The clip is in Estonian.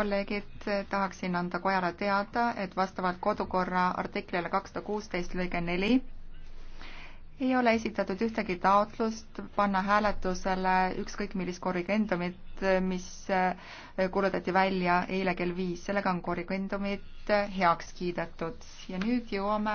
kolleegid, tahaksin anda kojale teada, et vastavalt kodukorra artiklile kakssada kuusteist lõige neli ei ole esitatud ühtegi taotlust panna hääletusele ükskõik millist korrigendumit, mis eh, kuulutati välja eile kell viis. sellega on korrigendumid heaks kiidetud ja nüüd jõuame